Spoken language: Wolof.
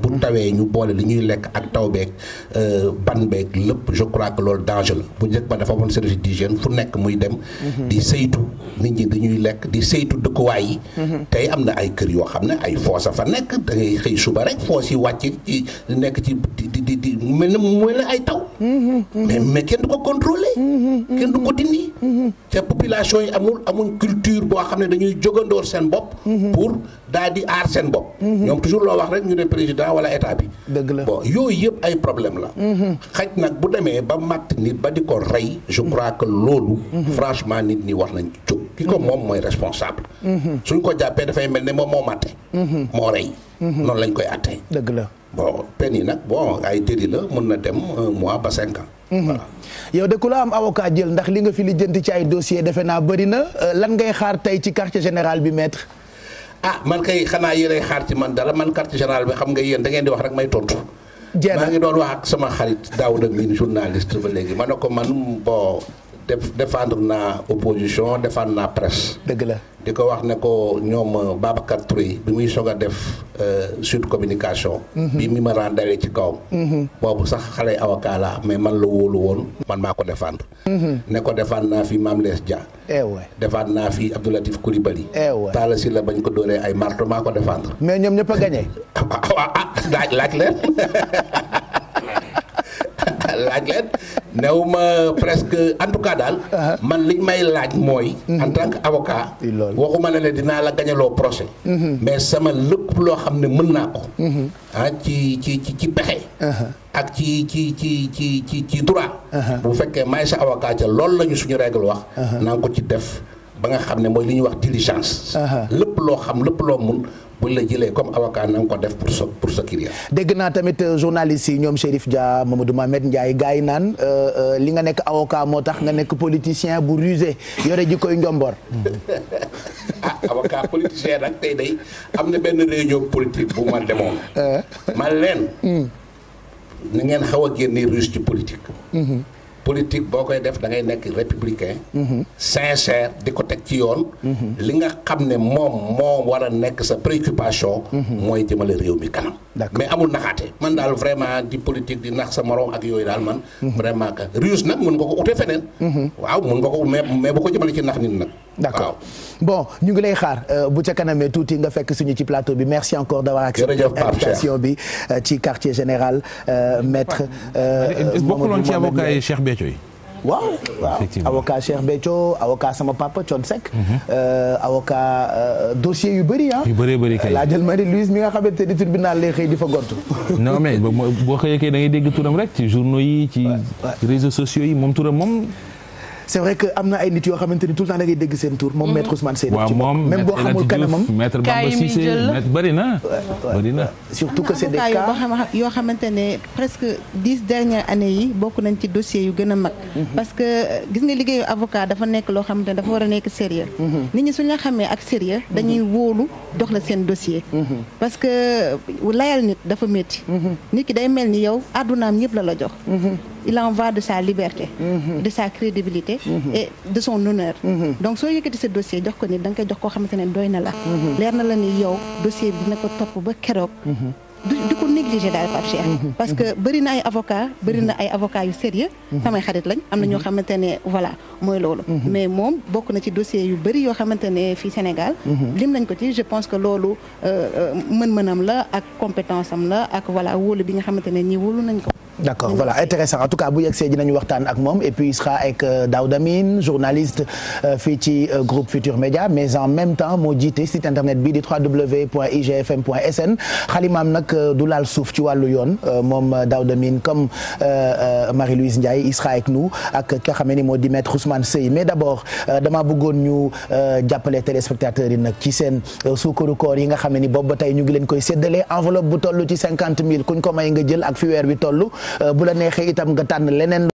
bu tawee ñu boole li ñuy lekk ak taw beeg euh, ban beeg lépp je crois que loolu danger la bu njëkk ba dafa amoon service d'hygiène fu nekk muy dem. Mhm. di saytu nit ñi dañuy lekk di saytu dëkkuwaay yi. Mhm. tey am na ay kër yoo xam ne ay foos a fa nekk da ngay xëy suba rek foos yi wàcc ci nekk ci di di mel na mooy na ay taw. mais mais kenn du ko contrôler kenn du ko dindi. te population yi amul amuñ culture boo xam ne dañuy jógandoor seen bopp. pour daal di aar seen bopp. ñoom toujours loo wax rek ñu ne président wala état bi. dëgg la bon yooyu yëpp ay problème la. xaj nag bu demee ba matt nit ba di ko rey. je crois loolu. franchement nit ñi war nañ ci ki ko moom mooy responsable. Mhm. suñ ko jàppee dafay mel ne moom moo màtte. Mhm. moo rey. Mhm. noonu lañ koy àttee. dëgg la bon peine yi nag bon ay délit la mën na dem un mois ba cinq ans. voilà yow de ku la am avocat jël ndax li nga fi lijjanti ci ay dossier defe naa bëri na euh, lan ngay xaar tey ci quartier général bi maître. ah man kay xanaa yéenay xaar ci man dara man quartier général bi xam nga yéen da ngeen di wax rek may tontu. maa ngi doon wax ak sama xarit Daouda Mine journaliste ba léegi ma ne défendre naa opposition défendre naa presse. dëgg la di ko wax ne ko ñoom euh, Babacar Touré bi muy soog a def euh, sud communication. Mhm. bi mi ma rendalee ci kawam. Mhm. boobu sax xale avocat la mais man la wóolu woon man maa ko défendre. Mhm. ne ko défendre naa fi Mame Less Dia. eh oui défendre naa fi Abdou Latif Coulibaly. eh oui Talla Sylla bañ ko dóoree ay marto maa ko mais ñoom ñëpp a ah, ah, ah, laaj laaj leen. laajleen new ma presque en tout cas daal ah. man liñ may laaj mooy mhm. en tant que avocat waxuma ne ne dinaa la gañaloo procès mhm. mais sama lépp loo xam ne mën naa ko mhm. ah ci ci ci ci pexe uh-huh. ak ci ci ci ci ci ci droit uh-huh. bu fekkee may sa avocat ca loolu lañu suñu règle wax uh-huh. naa ko ci def ba nga xam ne mooy li ñuy wax diligence lépp loo xam lépp loo mun buñ la jëlee comme avocat na nga ko def pour sa pour dégg naa tamit euh, journaliste yi ñoom Chérif Dia Mamadou Mohamed Ndiaye gars yi naan euh, euh, li nga nekk awokaa moo tax nga nekk politicien bu rusé yore ji koy njomboor. ah avocat politicien nag tey day am na benn réunion politique bu ma demoon. man leen. Hmm. ni ngeen xaw a génnee ruse ci politique. Hmm. politique boo koy def da ngay nekk républicain. Mhm. sincère di ko teg ci yoon. Mhm. li nga xam ne moom moo war a nekk sa préoccupation. Mhm. mooy jëmale réew mi kanam. mais amul naxaate man daal vraiment di politique di nax sa morom ak yooyu daal man. Mhm. vraiment que ruse nag mën nga ko ute feneen. Mhm. waaw mën nga ko mais mais ko jëmale ci nax nit nag. d'accord bon ñu ngi lay xaar euh, bu ca kanamee tuuti nga fekk suñu ci plateau bi merci encore d'avoir accepté invitation bi euh, ci quartier général euh, maître. bokkuloon ci avocat yi Cheikh Béthio yi waaw waaw avocat Cheikh Béthio avocat sama papa Thione Seck. Euh, avocat euh, dossier yu bëri ah. yu bëree bëri kay laajal Marie-Louise mi nga xamante ni tribunal lay xëy di fa gortu. non mais boo xëyee kay da ngay dégg turam rek ci journaux yi ci réseaux sociaux yi moom turam moom. c'est vrai que am na ay nit yoo xamante ni tout le temps da ngay dégg seen tour moom mhm. maître Ousmane Seye def ci boo xamul na bëri na surtout yoo xamante ne presque dix dernières années yi bokk nañ ci dossiers yu gën a mag mhm. parce que gis nga liggéeyu avocat dafa nekk loo xamante ne dafa war a nekk sérieux mhm. nit ñi suñ la xamee ak sérieux dañuy wóolu dox la seen dossier parce que layal nit dafa métti nit ki day mel ni yow àddunaam yëpp la la jox il en va de sa liberté mhm. de sa crédibilité mhm. et de son honneur mhm. donc soo yëkkati sa dossier jox ko nit da koy jox ko xamante ne doy na la leer na la ni yow dossier bi dina ko topp ba keroog di ko négligé daal Pape parce que bëri na ay avocat bëri na ay avocat yu sérieux samay xarit lañ am na ñoo xamante ne voilà mooy loolu mais moom bokk na ci dossier yu bëri yoo xamante ne fii Sénégal lim nañ ko ci je pense que loolu euh, euh, mën-mënam la ak compétence am la ak voilà wóolu bi nga xamante ne ñi wóolu nañ ko d' accord voilà intéressant en tout cas bu yegsee dinañu waxtaan ak moom et puis il sera avec euh, Daouda journaliste euh, fii ci euh, groupe Futur Média mais en même temps moo jiite site internet bi di www.igfm.sn xalimaam nag du laal suuf ci wàllu yoon moom Daouda Mine comme Marie-Louise Ndiaye il sera avec nous ak ki nga xam ne moo di maître Ousmane Seye mais d' abord dama bëggoon ñu jàppale téléspectateurs yi nag ci seen suukaru koor yi nga xam ne ni boobu ba tey ñu ngi leen koy séddale enveloppe bu toll ci cinquante mille kuñ ko may nga jël ak fi weer wi toll bu la neexee itam nga tànn leneen